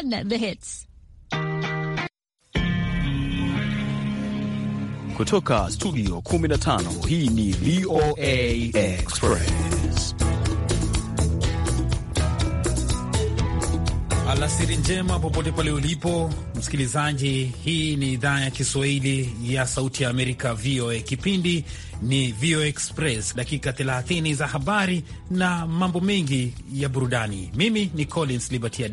sana the hits kutoka studio 15. Hii ni VOA Express. Alasiri njema popote pale ulipo msikilizaji, hii ni idhaa ya Kiswahili ya Sauti ya Amerika, VOA. Kipindi ni VOA Express, dakika 30 za habari na mambo mengi ya burudani. Mimi ni Collins Libertia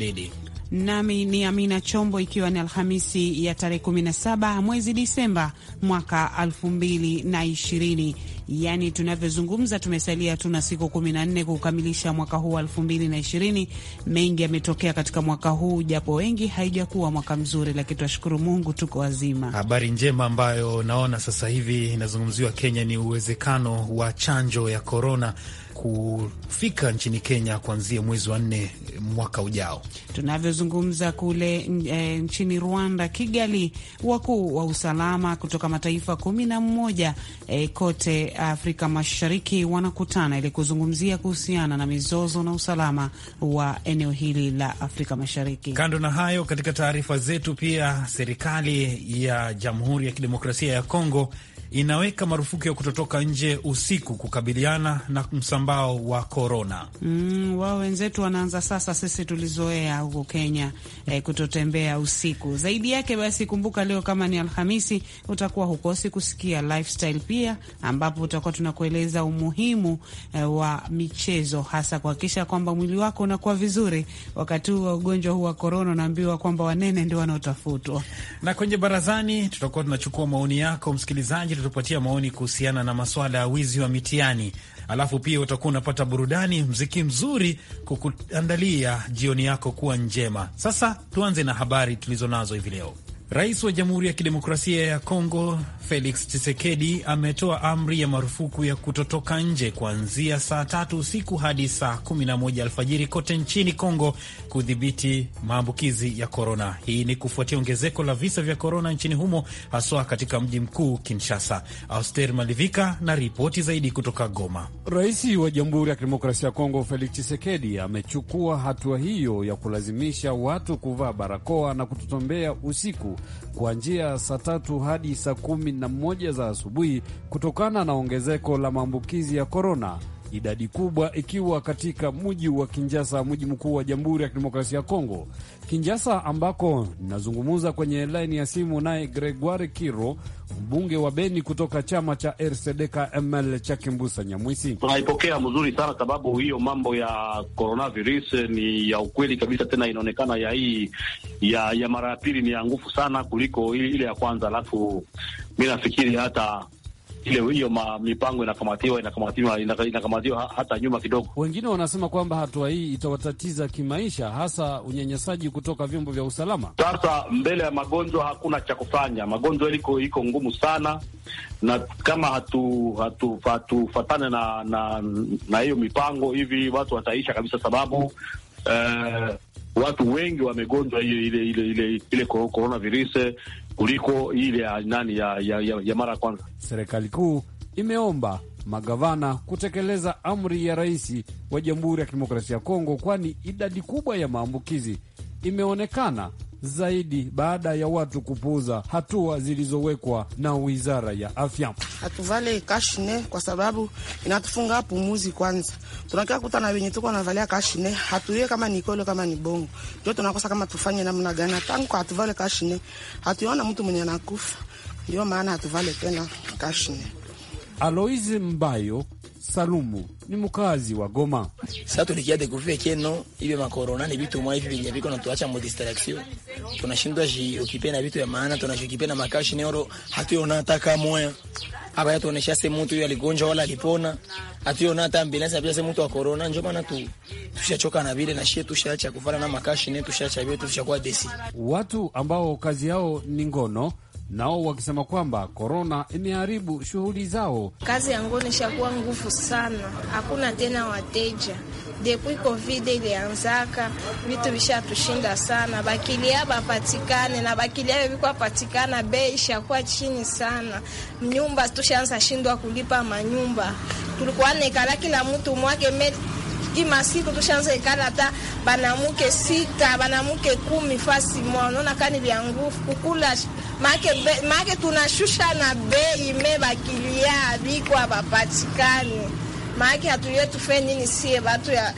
nami ni Amina Chombo, ikiwa ni Alhamisi ya tarehe 17 mwezi Disemba mwaka 2020. Yaani tunavyozungumza tumesalia tu na siku kumi na nne kukamilisha mwaka huu wa elfu mbili na ishirini. Mengi yametokea katika mwaka huu, japo wengi haijakuwa mwaka mzuri, lakini twashukuru Mungu tuko wazima. Habari njema ambayo naona sasa hivi inazungumziwa Kenya ni uwezekano wa chanjo ya korona kufika nchini Kenya kuanzia mwezi wa nne mwaka ujao. Tunavyozungumza kule e, nchini Rwanda, Kigali, wakuu wa usalama kutoka mataifa kumi na mmoja e, eh, kote Afrika Mashariki wanakutana ili kuzungumzia kuhusiana na mizozo na usalama wa eneo hili la Afrika Mashariki. Kando na hayo, katika taarifa zetu pia serikali ya Jamhuri ya Kidemokrasia ya Kongo inaweka marufuku ya kutotoka nje usiku kukabiliana na msambao wa korona. Mm, wao wenzetu wanaanza sasa, sisi tulizoea huko Kenya eh, kutotembea usiku zaidi yake. Basi kumbuka leo kama ni Alhamisi, utakuwa hukosi kusikia lifestyle pia, ambapo utakuwa tunakueleza umuhimu eh, wa michezo, hasa kuhakikisha kwamba mwili wako unakuwa vizuri wakati huu wa ugonjwa huu wa korona. Unaambiwa kwamba wanene ndio wanaotafutwa, na kwenye barazani tutakuwa tunachukua maoni yako msikilizaji utatupatia maoni kuhusiana na maswala ya wizi wa mitihani, alafu pia utakuwa unapata burudani, mziki mzuri kukuandalia jioni yako kuwa njema. Sasa tuanze na habari tulizonazo hivi leo. Rais wa Jamhuri ya Kidemokrasia ya Kongo Felix Tshisekedi ametoa amri ya marufuku ya kutotoka nje kuanzia saa tatu usiku hadi saa kumi na moja alfajiri kote nchini Kongo kudhibiti maambukizi ya korona. Hii ni kufuatia ongezeko la visa vya korona nchini humo, haswa katika mji mkuu Kinshasa. Auster Malivika na ripoti zaidi kutoka Goma. Rais wa Jamhuri ya Kidemokrasia ya Kongo Felix Tshisekedi amechukua hatua hiyo ya kulazimisha watu kuvaa barakoa na kutotembea usiku kuanzia saa tatu hadi saa kumi na moja za asubuhi kutokana na ongezeko la maambukizi ya korona, idadi kubwa ikiwa katika mji wa Kinjasa, mji mkuu wa Jamhuri ya Kidemokrasia ya Kongo. Kinjasa ambako nazungumza kwenye laini ya simu naye Gregoire Kiro mbunge wa Beni kutoka chama cha rcd cha Kimbusa Nyamwisi. Tunaipokea mzuri sana sababu hiyo mambo ya coronavirus ni ya ukweli kabisa, tena inaonekana ya hii ya, ya mara ya pili ni ya nguvu sana kuliko ile ya kwanza, alafu mi nafikiri hata ile hiyo mipango inakamatiwa inakamatiwa inakamatiwa hata nyuma kidogo. Wengine wanasema kwamba hatua hii itawatatiza kimaisha, hasa unyanyasaji kutoka vyombo vya usalama. Sasa mbele ya magonjwa hakuna cha kufanya, magonjwa iko iko ngumu sana, na kama hatu hatufatane hatu na na na hiyo mipango hivi, watu wataisha kabisa, sababu eh, watu wengi wamegonjwa ile ile ile ile, ile coronavirus kuliko ile ya nani ya, ya, ya, ya mara ya kwanza. Serikali kuu imeomba magavana kutekeleza amri ya rais wa Jamhuri ya Kidemokrasia ya Kongo, kwani idadi kubwa ya maambukizi imeonekana zaidi baada ya watu kupuuza hatua zilizowekwa na Wizara ya Afya atuvale kashine kwa sababu inatufunga pumuzi kwanza. Tunakiwa kuta na wenye tuko navalia kashine, hatuye kama ni kolo kama ni bongo. Ndio tunakosa kama tufanye namna gani? Tangu kwa atuvale kashine, hatuona mtu mwenye anakufa. Ndio maana hatuvale tena kashine. Aloise Mbayo Salumu ni mkazi wa Goma. Sasa tulikia de kufia keno ibe makorona ni vitu mwa hivi vyenye viko na tuacha mo distraction. Tunashindwa ji okipe na vitu ya maana, tunashikipe na makashi neoro hatuona hata kama moyo hapa yatuonesha mutu mtu aligonjwa wala alipona, hatuona hata ambulansi pia sehemu mtu wa corona. Ndio maana tu tushachoka na vile na shie, tushaacha kufana na makashi ne, tushaacha vile, tushakuwa desi. Watu ambao kazi yao ni ngono nao wakisema kwamba korona imeharibu shughuli zao. Kazi yangu nishakuwa nguvu sana, hakuna tena wateja depui covid ilianzaka, vitu vishatushinda sana, bakilia bapatikane na bakilia vikwapatikana, bei ishakuwa chini sana, nyumba tushaanza shindwa kulipa manyumba, tulikuwa nekala kila mtu mwake imasiku tushanza ikala hata banamuke sita banamuke kumi fasi mwa, unaona kani vya nguvu kukula make, make tunashusha na bei me bakilia biko abapatikani make hatuye tufe nini sie batu ya,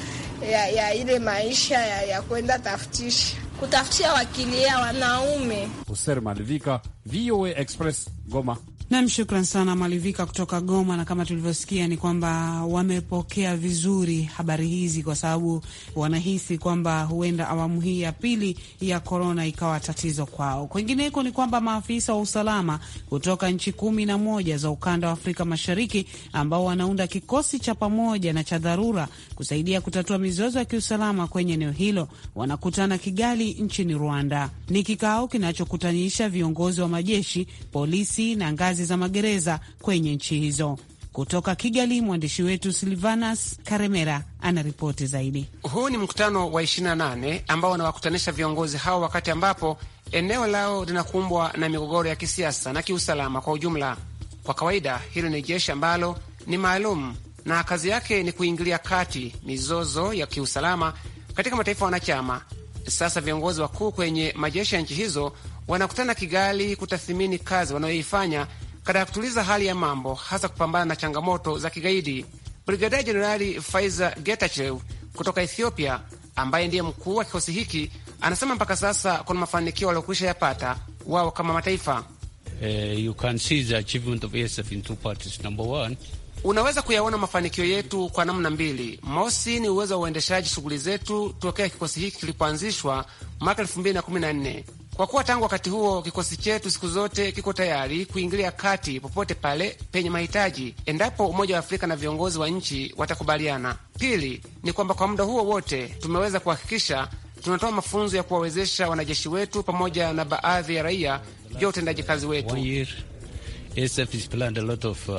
ya, ya ile maisha ya, ya kwenda tafutisha kutafutia wakilia wanaume. Hoser Malvika, VOA Express, Goma. Nam, shukran sana Malivika kutoka Goma, na kama tulivyosikia ni kwamba wamepokea vizuri habari hizi, kwa sababu wanahisi kwamba huenda awamu hii ya pili ya korona ikawa tatizo kwao. Kwingineko ni kwamba maafisa wa usalama kutoka nchi kumi na moja za ukanda wa Afrika Mashariki ambao wanaunda kikosi cha pamoja na cha dharura kusaidia kutatua mizozo ya kiusalama kwenye eneo hilo wanakutana Kigali nchini Rwanda. Ni kikao kinachokutanisha viongozi wa majeshi, polisi na ngazi kazi za magereza kwenye nchi hizo. Kutoka Kigali, mwandishi wetu Silvanas Karemera anaripoti zaidi. Huu ni mkutano wa 28 ambao wanawakutanisha viongozi hao wakati ambapo eneo lao linakumbwa na migogoro ya kisiasa na kiusalama kwa ujumla. Kwa kawaida, hilo ni jeshi ambalo ni maalum na kazi yake ni kuingilia kati mizozo ya kiusalama katika mataifa wanachama. Sasa viongozi wakuu kwenye majeshi ya nchi hizo wanakutana Kigali kutathimini kazi wanayoifanya katika kutuliza hali ya mambo, hasa kupambana na changamoto za kigaidi. Brigadia Jenerali Faiza Getachew kutoka Ethiopia, ambaye ndiye mkuu wa kikosi hiki, anasema mpaka sasa kuna mafanikio waliokwisha yapata wao kama mataifa. Uh, unaweza kuyaona mafanikio yetu kwa namna mbili. Mosi ni uwezo wa uendeshaji shughuli zetu tokea kikosi hiki kilipoanzishwa mwaka 2014 kwa kuwa tangu wakati huo kikosi chetu siku zote kiko tayari kuingilia kati popote pale penye mahitaji, endapo Umoja wa Afrika na viongozi wa nchi watakubaliana. Pili ni kwamba kwa muda huo wote tumeweza kuhakikisha tunatoa mafunzo ya kuwawezesha wanajeshi wetu pamoja na baadhi ya raia juu ya utendaji kazi wetu. Uh,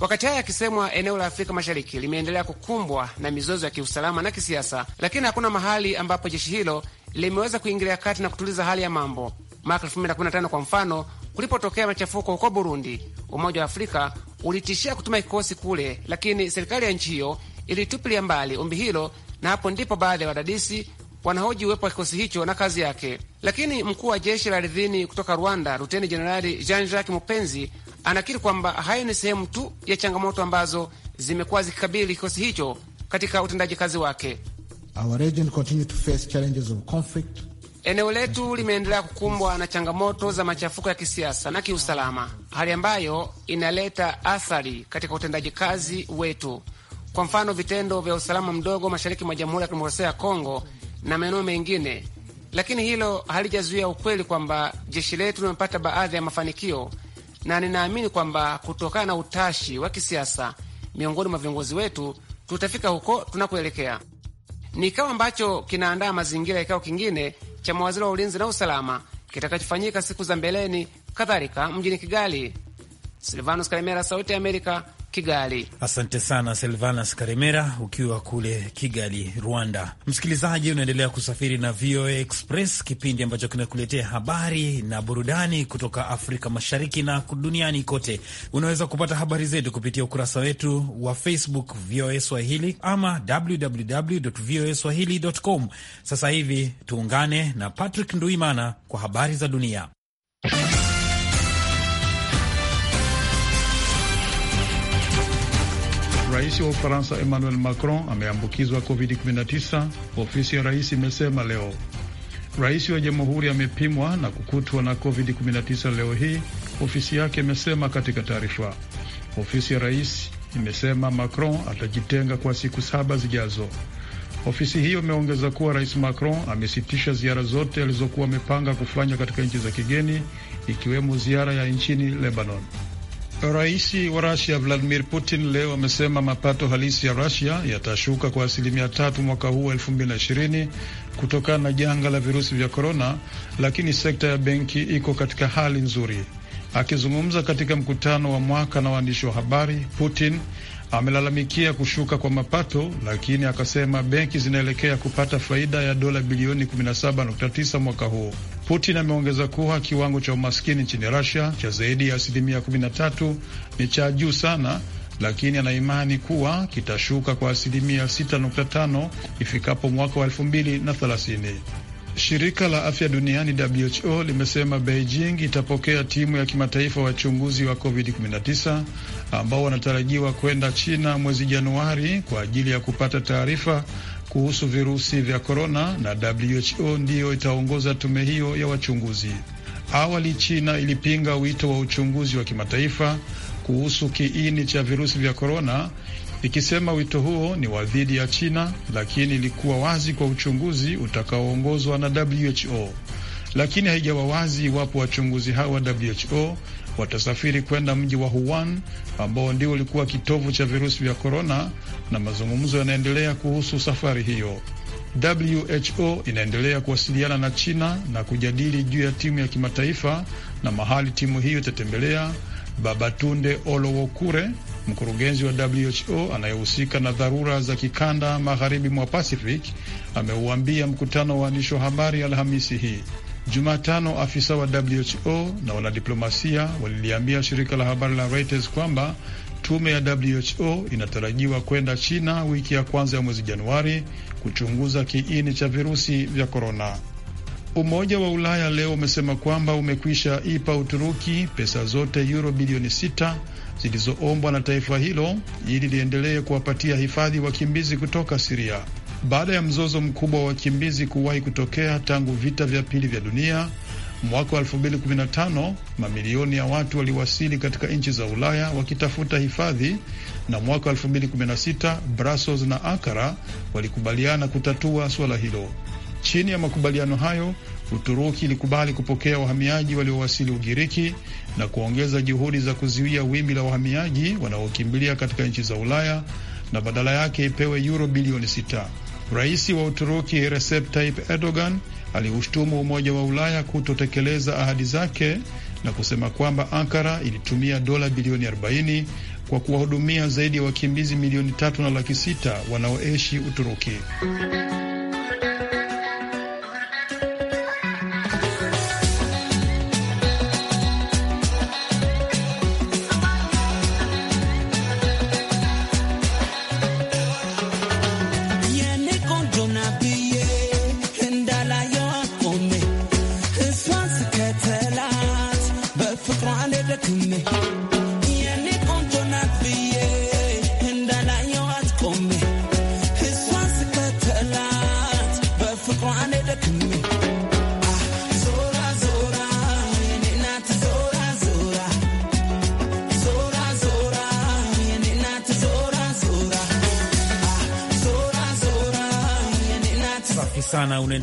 wakati haya yakisemwa, eneo la Afrika Mashariki limeendelea kukumbwa na mizozo ya kiusalama na kisiasa, lakini hakuna mahali ambapo jeshi hilo limeweza kuingilia kati na kutuliza hali ya mambo. Mwaka tano kwa mfano, kulipotokea machafuko huko Burundi, Umoja wa Afrika ulitishia kutuma kikosi kule, lakini serikali ya nchi hiyo ilitupilia mbali ombi hilo, na hapo ndipo baadhi ya wadadisi wanahoji uwepo wa kikosi hicho na kazi yake. Lakini mkuu wa jeshi la ardhini kutoka Rwanda, Luteni Jenerali Jean Jacques Mupenzi, anakiri kwamba hayo ni sehemu tu ya changamoto ambazo zimekuwa zikikabili kikosi hicho katika utendaji kazi wake. Eneo letu limeendelea kukumbwa na changamoto za machafuko ya kisiasa na kiusalama, hali ambayo inaleta athari katika utendaji kazi wetu. Kwa mfano, vitendo vya usalama mdogo mashariki mwa Jamhuri ya Kidemokrasia ya Kongo na maeneo mengine, lakini hilo halijazuia ukweli kwamba jeshi letu limepata baadhi ya mafanikio, na ninaamini kwamba kutokana na utashi wa kisiasa miongoni mwa viongozi wetu tutafika huko tunakoelekea. Ni kikao ambacho kinaandaa mazingira ya kikao kingine cha mawaziri wa ulinzi na usalama kitakachofanyika siku za mbeleni kadhalika mjini Kigali. Silvanus Kalemera, Sauti ya Amerika, Kigali. Asante sana Silvanas Karemera ukiwa kule Kigali, Rwanda. Msikilizaji, unaendelea kusafiri na VOA Express, kipindi ambacho kinakuletea habari na burudani kutoka Afrika Mashariki na duniani kote. Unaweza kupata habari zetu kupitia ukurasa wetu wa Facebook VOA Swahili ama www.voaswahili.com. Sasa hivi tuungane na Patrick Nduimana kwa habari za dunia. Rais wa Ufaransa Emmanuel Macron ameambukizwa COVID-19, ofisi ya rais imesema leo. Rais wa jamhuri amepimwa na kukutwa na COVID-19 leo hii, ofisi yake imesema katika taarifa. Ofisi ya rais imesema Macron atajitenga kwa siku saba zijazo. Ofisi hiyo imeongeza kuwa rais Macron amesitisha ziara zote alizokuwa amepanga kufanya katika nchi za kigeni, ikiwemo ziara ya nchini Lebanon. Rais wa Rasia Vladimir Putin leo amesema mapato halisi ya rusia yatashuka kwa asilimia tatu mwaka huu 2020 kutokana na janga la virusi vya korona, lakini sekta ya benki iko katika hali nzuri. Akizungumza katika mkutano wa mwaka na waandishi wa habari, Putin amelalamikia kushuka kwa mapato, lakini akasema benki zinaelekea kupata faida ya dola bilioni 17.9 mwaka huu. Putin ameongeza kuwa kiwango cha umaskini nchini Russia cha zaidi ya asilimia 13 ni cha juu sana, lakini anaimani kuwa kitashuka kwa asilimia 6.5 ifikapo mwaka wa 2030. Shirika la afya duniani WHO limesema Beijing itapokea timu ya kimataifa ya wachunguzi wa COVID-19 ambao wanatarajiwa kwenda China mwezi Januari kwa ajili ya kupata taarifa kuhusu virusi vya korona, na WHO ndiyo itaongoza tume hiyo ya wachunguzi. Awali China ilipinga wito wa uchunguzi wa kimataifa kuhusu kiini cha virusi vya korona ikisema wito huo ni wa dhidi ya China, lakini ilikuwa wazi kwa uchunguzi utakaoongozwa na WHO, lakini haijawa wazi iwapo wachunguzi hao wa WHO watasafiri kwenda mji wa Wuhan ambao ndio ulikuwa kitovu cha virusi vya korona, na mazungumzo yanaendelea kuhusu safari hiyo. WHO inaendelea kuwasiliana na China na kujadili juu ya timu ya kimataifa na mahali timu hiyo itatembelea. Babatunde Olowokure, Mkurugenzi wa WHO anayehusika na dharura za kikanda magharibi mwa Pacific ameuambia mkutano wa waandishi wa habari Alhamisi hii. Jumatano, afisa wa WHO na wanadiplomasia waliliambia shirika la habari la Reuters kwamba tume ya WHO inatarajiwa kwenda China wiki ya kwanza ya mwezi Januari kuchunguza kiini cha virusi vya korona. Umoja wa Ulaya leo umesema kwamba umekwisha ipa Uturuki pesa zote euro bilioni sita zilizoombwa na taifa hilo ili liendelee kuwapatia hifadhi wakimbizi kutoka Siria baada ya mzozo mkubwa wa wakimbizi kuwahi kutokea tangu vita vya pili vya dunia mwaka wa 2015. Mamilioni ya watu waliwasili katika nchi za Ulaya wakitafuta hifadhi, na mwaka wa 2016 Brussels na Ankara walikubaliana kutatua suala hilo. Chini ya makubaliano hayo, Uturuki ilikubali kupokea wahamiaji waliowasili Ugiriki na kuongeza juhudi za kuzuia wimbi la wahamiaji wanaokimbilia katika nchi za Ulaya na badala yake ipewe yuro bilioni sita. Rais wa Uturuki Recep Tayyip Erdogan aliushtumu Umoja wa Ulaya kutotekeleza ahadi zake na kusema kwamba Ankara ilitumia dola bilioni 40 kwa kuwahudumia zaidi ya wakimbizi milioni tatu na laki sita wanaoishi Uturuki.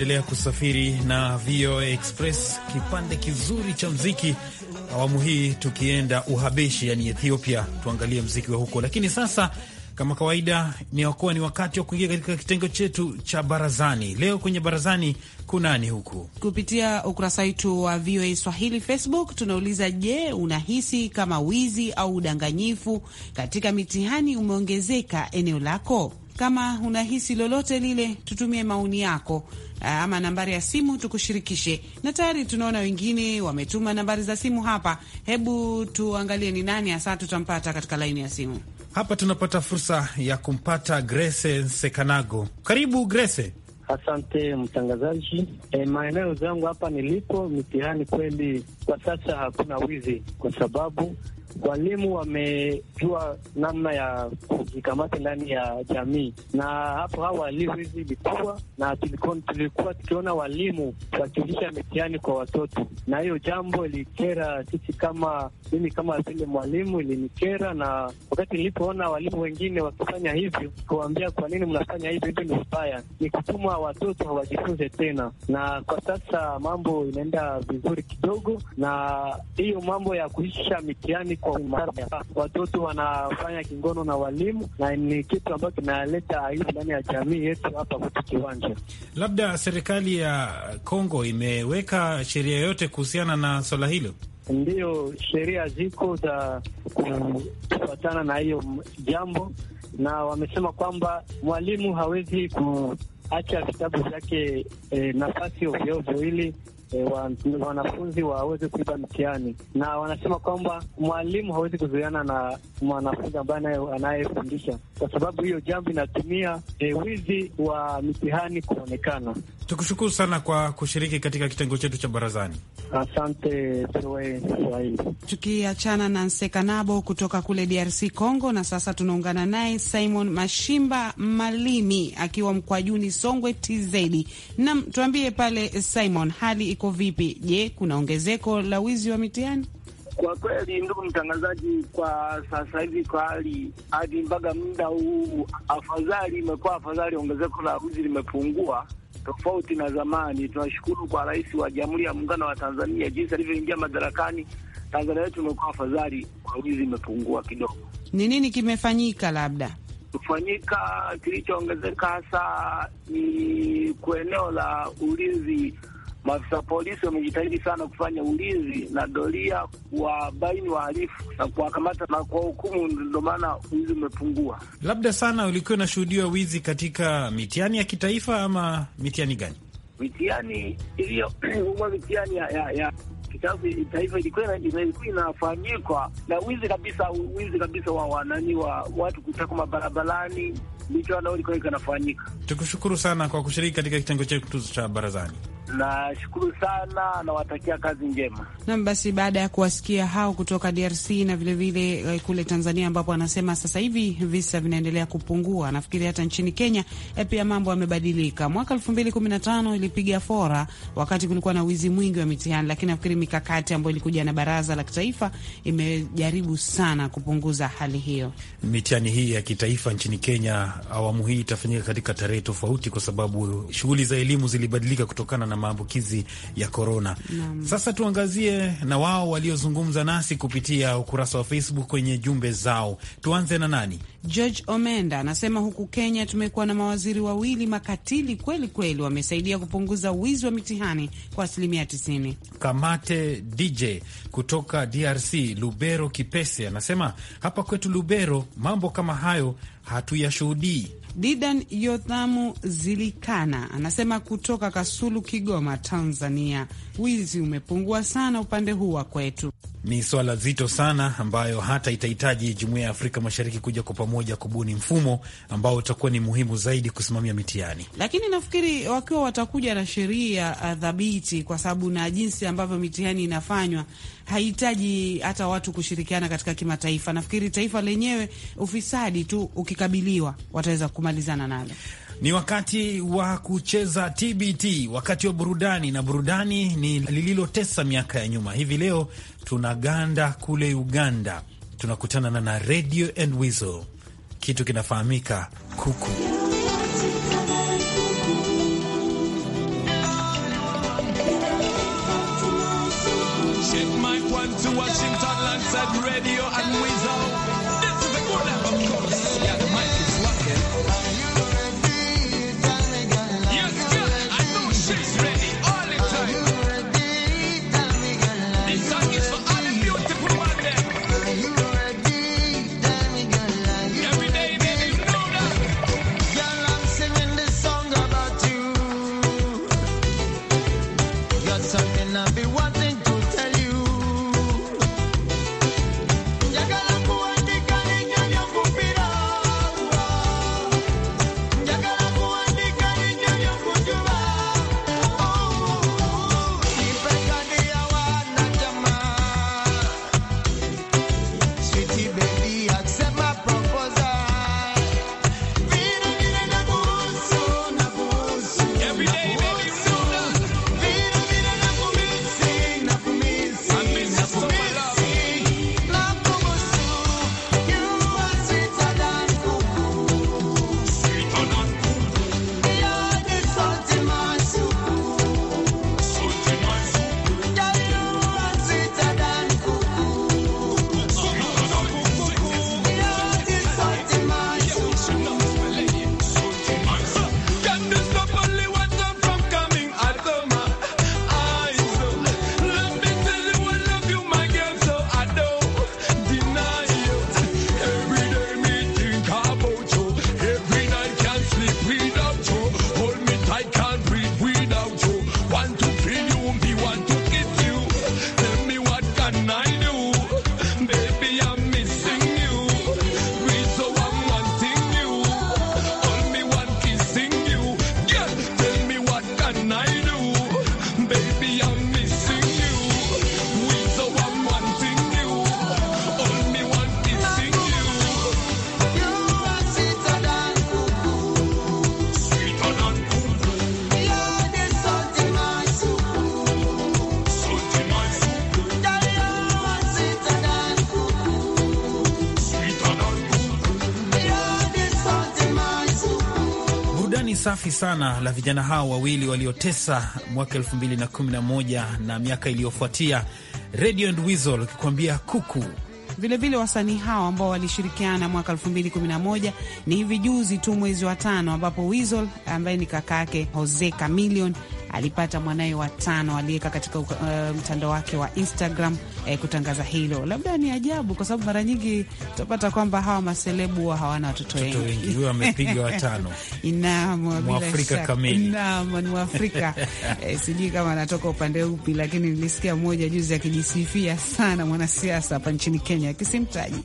Unaendelea kusafiri na VOA Express, kipande kizuri cha mziki awamu hii tukienda Uhabeshi, yani Ethiopia, tuangalie mziki wa huko. Lakini sasa kama kawaida, niwakuwa ni wakati wa kuingia katika kitengo chetu cha barazani. Leo kwenye barazani kunani huku, kupitia ukurasa wetu wa VOA Swahili Facebook tunauliza, je, unahisi kama wizi au udanganyifu katika mitihani umeongezeka eneo lako? Kama unahisi lolote lile, tutumie maoni yako eh, ama nambari ya simu tukushirikishe. Na tayari tunaona wengine wametuma nambari za simu hapa. Hebu tuangalie ni nani hasa tutampata katika laini ya simu. Hapa tunapata fursa ya kumpata grese Sekanago. Karibu grese Asante mtangazaji. E, maeneo zangu hapa nilipo mitihani kweli kwa sasa hakuna wizi, kwa sababu walimu wamejua namna ya kujikamata ndani ya jamii, na hapo walimu hivi ilikuwa na tulikuwa tukiona walimu kuwakilisha mitihani kwa watoto, na hiyo jambo ilikera sisi kama mimi, kama vile mwalimu ilinikera. Na wakati nilipoona walimu wengine wakifanya hivyo, kuwaambia kwa nini mnafanya hivyo, hivyo ni vibaya, ni kutuma watoto hawajifunze tena. Na kwa sasa mambo inaenda vizuri kidogo, na hiyo mambo ya kuisha mitihani kwa umaya. Watoto wanafanya kingono na walimu, na ni kitu ambacho kinaleta aibu ndani ya jamii yetu hapa kutu kiwanja. Labda serikali ya Kongo imeweka sheria yoyote kuhusiana na swala hilo? Ndiyo, sheria ziko za kufuatana na hiyo jambo, na wamesema kwamba mwalimu hawezi ku acha vitabu vyake e, nafasi ovyoovyo ili e, wa, wanafunzi waweze kuiba mtihani, na wanasema kwamba mwalimu hawezi kuzuiana na mwanafunzi ambaye anayefundisha, kwa sababu hiyo jambo inatumia e, wizi wa mitihani kuonekana. Tukushukuru sana kwa kushiriki katika kitengo chetu cha barazani. Asante Swahili. Tukiachana na Nsekanabo kutoka kule DRC Congo, na sasa tunaungana naye Simon Mashimba Malimi akiwa Mkwajuni, Songwe TZ. Nam, tuambie pale Simon, hali iko vipi? Je, kuna ongezeko la wizi wa mitihani? Kwa kweli ndugu mtangazaji, kwa sasa hivi kwa hali hadi mpaka muda huu afadhali, imekuwa afadhali, ongezeko la wizi limepungua, tofauti na zamani. Tunashukuru kwa Rais wa Jamhuri ya Muungano wa Tanzania jinsi alivyoingia madarakani. Tanzania yetu imekuwa afadhali, kwa wizi imepungua kidogo. Ni nini kimefanyika? Labda kufanyika kilichoongezeka hasa ni kwa eneo la ulinzi maafisa polisi wamejitahidi sana kufanya ulinzi na doria, kuwabaini wahalifu na kuwakamata na kwa hukumu. Ndio maana wizi umepungua. Labda sana ulikuwa unashuhudiwa wizi katika mitihani ya kitaifa ama mitihani gani? Mitihani iliyo mitihani ya, ya, ya taifa ilikuwa ilikuwa inafanyikwa na wizi kabisa, wizi kabisa wa wanani wa watu kutaka mabarabarani, ndicho ilikuwa inafanyika. Tukushukuru sana kwa kushiriki katika kitengo chetu cha barazani. Nashukuru sana, nawatakia kazi njema. Nam, basi baada ya kuwasikia hao kutoka DRC na vilevile vile eh, kule Tanzania ambapo anasema sasa hivi visa vinaendelea kupungua, nafikiri hata nchini Kenya eh, pia mambo yamebadilika. Mwaka elfu mbili kumi na tano ilipiga fora wakati kulikuwa na wizi mwingi wa mitihani, lakini nafikiri mikakati ambayo ilikuja na baraza la kitaifa imejaribu sana kupunguza hali hiyo. Mitihani hii ya kitaifa nchini Kenya awamu hii itafanyika katika tarehe tofauti, kwa sababu shughuli za elimu zilibadilika kutokana na maambukizi ya korona. Sasa tuangazie na wao waliozungumza nasi kupitia ukurasa wa Facebook kwenye jumbe zao. Tuanze na nani? George Omenda anasema huku Kenya tumekuwa na mawaziri wawili makatili kweli kweli, wamesaidia kupunguza wizi wa mitihani kwa asilimia 90. Kamate DJ kutoka DRC Lubero Kipese anasema hapa kwetu Lubero mambo kama hayo hatuyashuhudii Didan Yothamu Zilikana anasema kutoka Kasulu, Kigoma, Tanzania wizi umepungua sana upande huu wa kwetu. Ni swala zito sana ambayo hata itahitaji jumuiya ya Afrika Mashariki kuja kwa pamoja kubuni mfumo ambao utakuwa ni muhimu zaidi kusimamia mitihani, lakini nafikiri wakiwa watakuja na sheria dhabiti, uh, kwa sababu na jinsi ambavyo mitihani inafanywa hahitaji hata watu kushirikiana katika kimataifa. Nafikiri taifa lenyewe, ufisadi tu ukikabiliwa, wataweza kumalizana nalo. Ni wakati wa kucheza TBT, wakati wa burudani, na burudani ni lililotesa miaka ya nyuma. Hivi leo tunaganda kule Uganda, tunakutana na Radio and Weasel, kitu kinafahamika kuku sana la vijana hao wawili waliotesa mwaka elfu mbili na kumi na moja na miaka iliyofuatia, Radio and Weasel wakikwambia kuku. Vilevile wasanii hao ambao walishirikiana mwaka moja ni hivi juzi tu mwezi wa tano, ambapo Weasel ambaye ni kaka yake Jose Chameleone alipata mwanaye wa tano, aliweka katika uh, mtandao wake wa Instagram eh, kutangaza hilo. Labda ni ajabu, kwa sababu mara nyingi tutapata kwamba hawa maselebu wa hawana watoto wengi. Huyu amepiga watano, ni Waafrika eh, sijui kama anatoka upande upi, lakini nilisikia mmoja juzi akijisifia sana mwanasiasa hapa nchini Kenya akisimtaji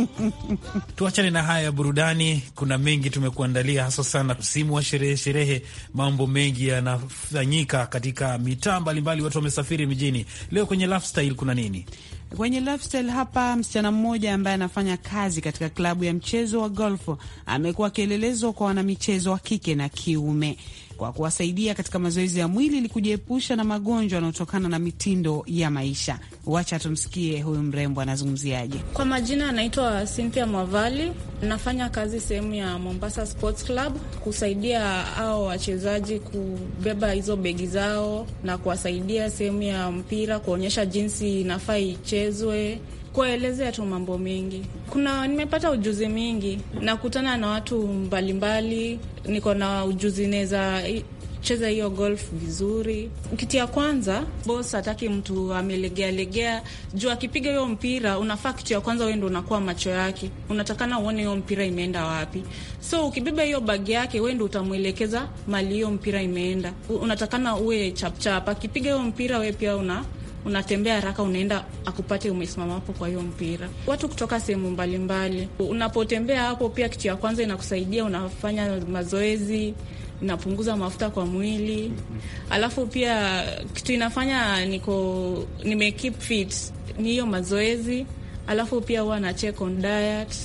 Tuachane na haya ya burudani, kuna mengi tumekuandalia, hasa sana msimu wa sherehe sherehe, mambo mengi yana zinafanyika katika mitaa mbalimbali, watu wamesafiri mijini. Leo kwenye lifestyle kuna nini? Kwenye lifestyle hapa, msichana mmoja ambaye anafanya kazi katika klabu ya mchezo wa golf amekuwa akielelezwa kwa wanamichezo wa kike na kiume kwa kuwasaidia katika mazoezi ya mwili ili kujiepusha na magonjwa yanayotokana na mitindo ya maisha. Wacha tumsikie huyu mrembo anazungumziaje. Kwa majina anaitwa Cynthia Mwavali, nafanya kazi sehemu ya Mombasa Sports Club kusaidia hao wachezaji kubeba hizo begi zao na kuwasaidia sehemu ya mpira kuonyesha jinsi inafaa ichezwe kuwaelezea tu mambo mengi. Kuna nimepata ujuzi mingi, nakutana na watu mbalimbali, niko na ujuzi naweza cheza hiyo golf vizuri. Kitu ya kwanza, bos hataki mtu amelegealegea juu. Akipiga hiyo mpira, unafaa kitu ya kwanza wewe ndo unakuwa macho yake, unatakana uone hiyo mpira imeenda wapi. So ukibeba hiyo bagi yake, wewe ndo utamwelekeza mali hiyo mpira imeenda. Unatakana uwe chapchap. Akipiga hiyo mpira, wewe pia una unatembea haraka, unaenda akupate umesimama hapo kwa hiyo mpira. Watu kutoka sehemu mbalimbali, unapotembea hapo pia, kitu ya kwanza inakusaidia, unafanya mazoezi napunguza mafuta kwa mwili. Alafu pia kitu inafanya niko nime keep fit ni hiyo mazoezi. Alafu pia huwa na check on diet.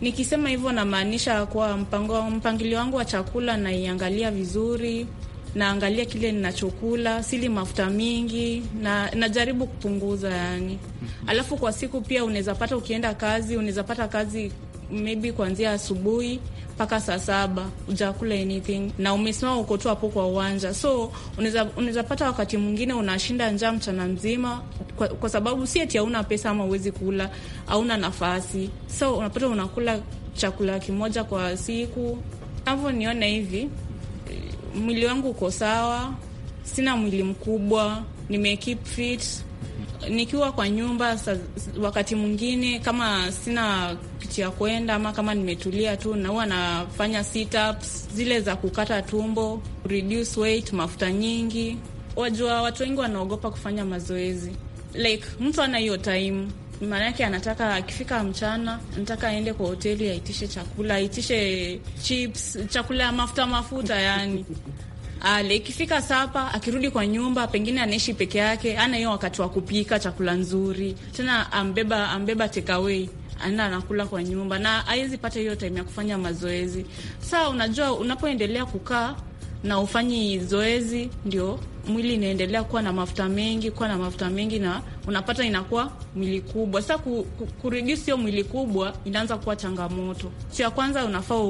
Nikisema hivyo, namaanisha kuwa mpango, mpangilio wangu wa chakula naiangalia vizuri naangalia kile ninachokula, sili mafuta mingi na najaribu kupunguza yani. Alafu kwa siku pia unaweza pata, ukienda kazi unaweza pata kazi maybe kuanzia asubuhi mpaka saa saba ujakula anything na umesimama uko tu hapo kwa uwanja, so unaweza pata wakati mwingine unashinda njaa mchana mzima kwa, kwa sababu si ati hauna pesa ama uwezi kula, hauna nafasi, so unapata unakula chakula kimoja kwa siku. Navyo nione hivi mwili wangu uko sawa, sina mwili mkubwa, nime keep fit nikiwa kwa nyumba. Wakati mwingine kama sina kitu ya kwenda ama kama nimetulia tu, na huwa nafanya sit ups zile za kukata tumbo, reduce weight, mafuta nyingi. Wajua watu wengi wanaogopa kufanya mazoezi, like mtu ana hiyo time maanake anataka akifika mchana, nataka aende kwa hoteli aitishe chakula, aitishe chips, chakula ya mafuta mafuta, yani ale. Ah, ikifika sapa, akirudi kwa nyumba, pengine anaishi peke yake, ana hiyo wakati wa kupika chakula nzuri, tena ambeba ambeba takeaway anaenda anakula kwa nyumba na hawezi pata hiyo time ya kufanya mazoezi. Saa unajua, unapoendelea kukaa na ufanyi zoezi, ndio mwili inaendelea kuwa na mafuta mengi, kuwa na mafuta mengi, na unapata inakuwa mwili kubwa. Sasa ku, ku, kureduce hiyo mwili kubwa inaanza kuwa changamoto. Kitu ya kwanza unafaa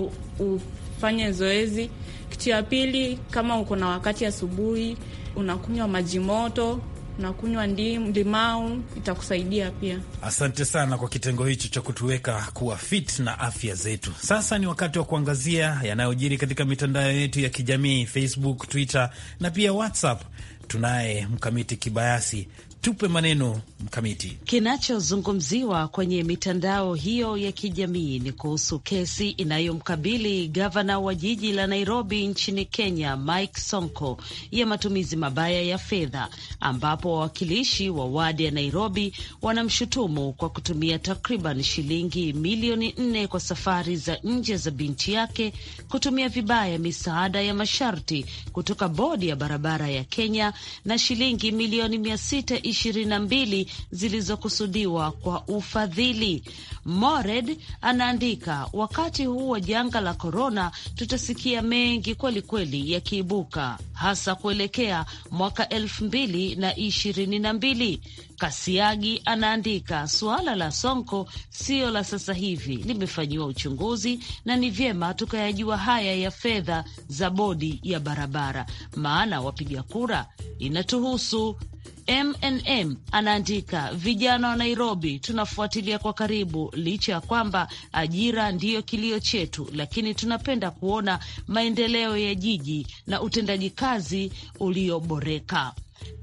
ufanye zoezi. Kitu ya pili, kama uko na wakati asubuhi, unakunywa maji moto na kunywa limau itakusaidia pia. Asante sana kwa kitengo hicho cha kutuweka kuwa fit na afya zetu. Sasa ni wakati wa kuangazia yanayojiri katika mitandao yetu ya kijamii, Facebook, Twitter na pia WhatsApp tunaye Mkamiti Kibayasi. Tupe maneno Mkamiti. Kinachozungumziwa kwenye mitandao hiyo ya kijamii ni kuhusu kesi inayomkabili gavana wa jiji la Nairobi nchini Kenya, Mike Sonko, ya matumizi mabaya ya fedha, ambapo wawakilishi wa wadi ya Nairobi wanamshutumu kwa kutumia takriban shilingi milioni nne kwa safari za nje za binti yake, kutumia vibaya misaada ya masharti kutoka bodi ya barabara ya Kenya na shilingi milioni mia sita ishirini na mbili zilizokusudiwa kwa ufadhili. Mored anaandika, wakati huu wa janga la korona tutasikia mengi kwelikweli yakiibuka, hasa kuelekea mwaka elfu mbili na ishirini na mbili. Kasiagi anaandika suala la Sonko siyo la sasa hivi, limefanyiwa uchunguzi na ni vyema tukayajua haya ya fedha za bodi ya barabara, maana wapiga kura inatuhusu. MNM anaandika vijana wa Nairobi tunafuatilia kwa karibu, licha ya kwamba ajira ndiyo kilio chetu, lakini tunapenda kuona maendeleo ya jiji na utendaji kazi ulioboreka.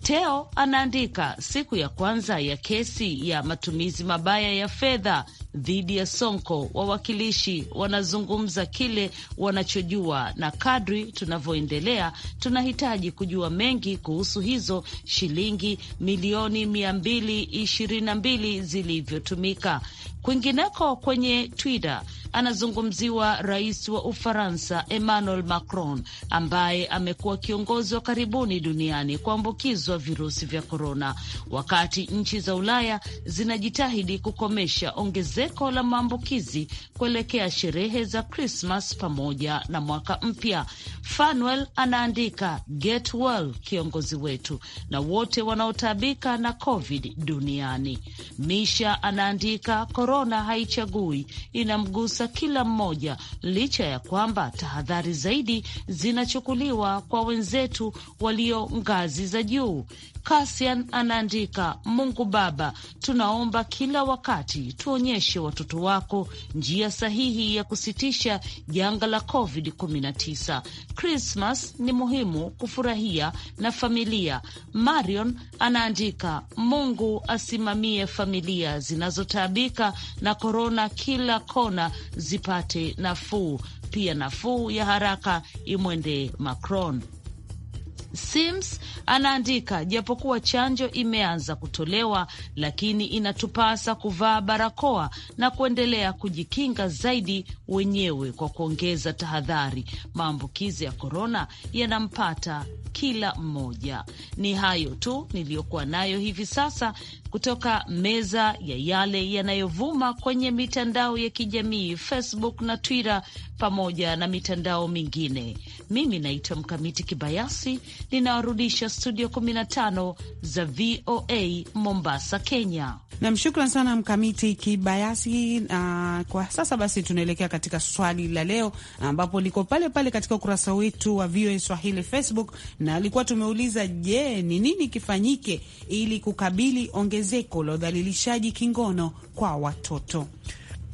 Teo anaandika siku ya kwanza ya kesi ya matumizi mabaya ya fedha dhidi ya Sonko, wawakilishi wanazungumza kile wanachojua, na kadri tunavyoendelea tunahitaji kujua mengi kuhusu hizo shilingi milioni mia mbili ishirini na mbili zilivyotumika. Kwingineko kwenye Twitter anazungumziwa rais wa Ufaransa Emmanuel Macron ambaye amekuwa kiongozi wa karibuni duniani kuambukizwa virusi vya korona, wakati nchi za Ulaya zinajitahidi kukomesha ongezeko la maambukizi kuelekea sherehe za Krismas pamoja na mwaka mpya. Fanuel anaandika get well, kiongozi wetu na wote wanaotabika na covid duniani. Misha anaandika korona korona haichagui, inamgusa kila mmoja, licha ya kwamba tahadhari zaidi zinachukuliwa kwa wenzetu walio ngazi za juu. Kasian anaandika, Mungu Baba, tunaomba kila wakati tuonyeshe watoto wako njia sahihi ya kusitisha janga la COVID-19. Krismas ni muhimu kufurahia na familia. Marion anaandika, Mungu asimamie familia zinazotaabika na korona, kila kona zipate nafuu, pia nafuu ya haraka imwendee Macron. Sims anaandika, japokuwa chanjo imeanza kutolewa, lakini inatupasa kuvaa barakoa na kuendelea kujikinga zaidi wenyewe kwa kuongeza tahadhari. Maambukizi ya korona yanampata kila mmoja. Ni hayo tu niliyokuwa nayo hivi sasa kutoka meza ya yale yanayovuma kwenye mitandao ya kijamii, Facebook na Twitter pamoja na mitandao mingine. Mimi naitwa Mkamiti Kibayasi, ninawarudisha studio 15 za VOA Mombasa, Kenya. Nam, shukran sana Mkamiti Kibayasi. Na uh, kwa sasa basi tunaelekea katika swali la leo ambapo liko pale pale katika ukurasa wetu wa VOA Swahili Facebook, na alikuwa tumeuliza je, ni nini kifanyike ili kukabili ongezeko la udhalilishaji kingono kwa watoto?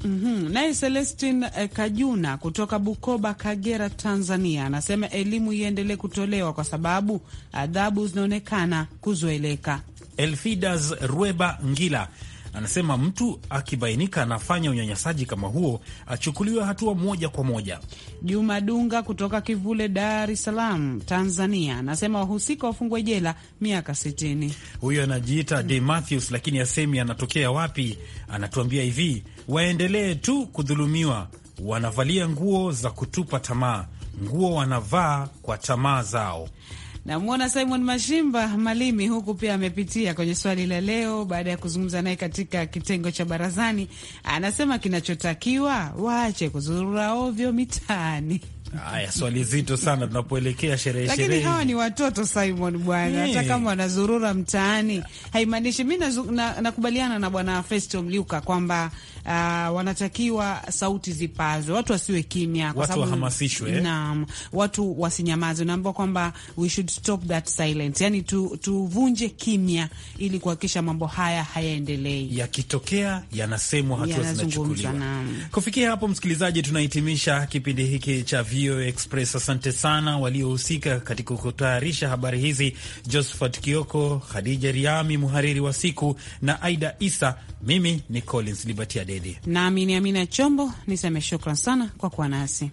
Mm -hmm. Naye Celestin eh, Kajuna kutoka Bukoba, Kagera, Tanzania anasema elimu iendelee kutolewa kwa sababu adhabu zinaonekana kuzoeleka. Elfidas Rweba Ngila Anasema mtu akibainika anafanya unyanyasaji kama huo achukuliwe hatua moja kwa moja. Juma Dunga kutoka Kivule, Dar es Salaam, Tanzania, anasema wahusika wafungwe jela miaka sitini. Huyo anajiita De Matthews, lakini asemi anatokea wapi. Anatuambia hivi, waendelee tu kudhulumiwa, wanavalia nguo za kutupa tamaa, nguo wanavaa kwa tamaa zao. Namwona Simon Mashimba Malimi huku pia amepitia kwenye swali la leo, baada ya kuzungumza naye katika kitengo cha barazani. Anasema kinachotakiwa waache kuzurura ovyo mitaani. Haya, swali zito sana tunapoelekea sherehe sherehe. Lakini hawa ni watoto Simon bwana, hata yeah, kama wanazurura mtaani haimaanishi. Mi nakubaliana na, na bwana Festo Mliuka kwamba uh, wanatakiwa sauti zipazwe, watu wasiwe kimya, watu wahamasishwe, eh? naam, watu wasinyamaze. Naambia kwamba we should stop that silence, yani tu, tuvunje kimya ili kuhakikisha mambo haya hayaendelei, yakitokea yanasemwa, hatua zinachukuliwa. Kufikia hapo, msikilizaji, tunahitimisha kipindi hiki cha VOA Express. Asante sana waliohusika katika kutayarisha habari hizi, Josephat Kioko, Khadija Riami, mhariri wa siku na Aida Isa. Mimi ni Collins Libertia Dedi nami ni Amina Chombo, niseme shukran sana kwa kuwa nasi.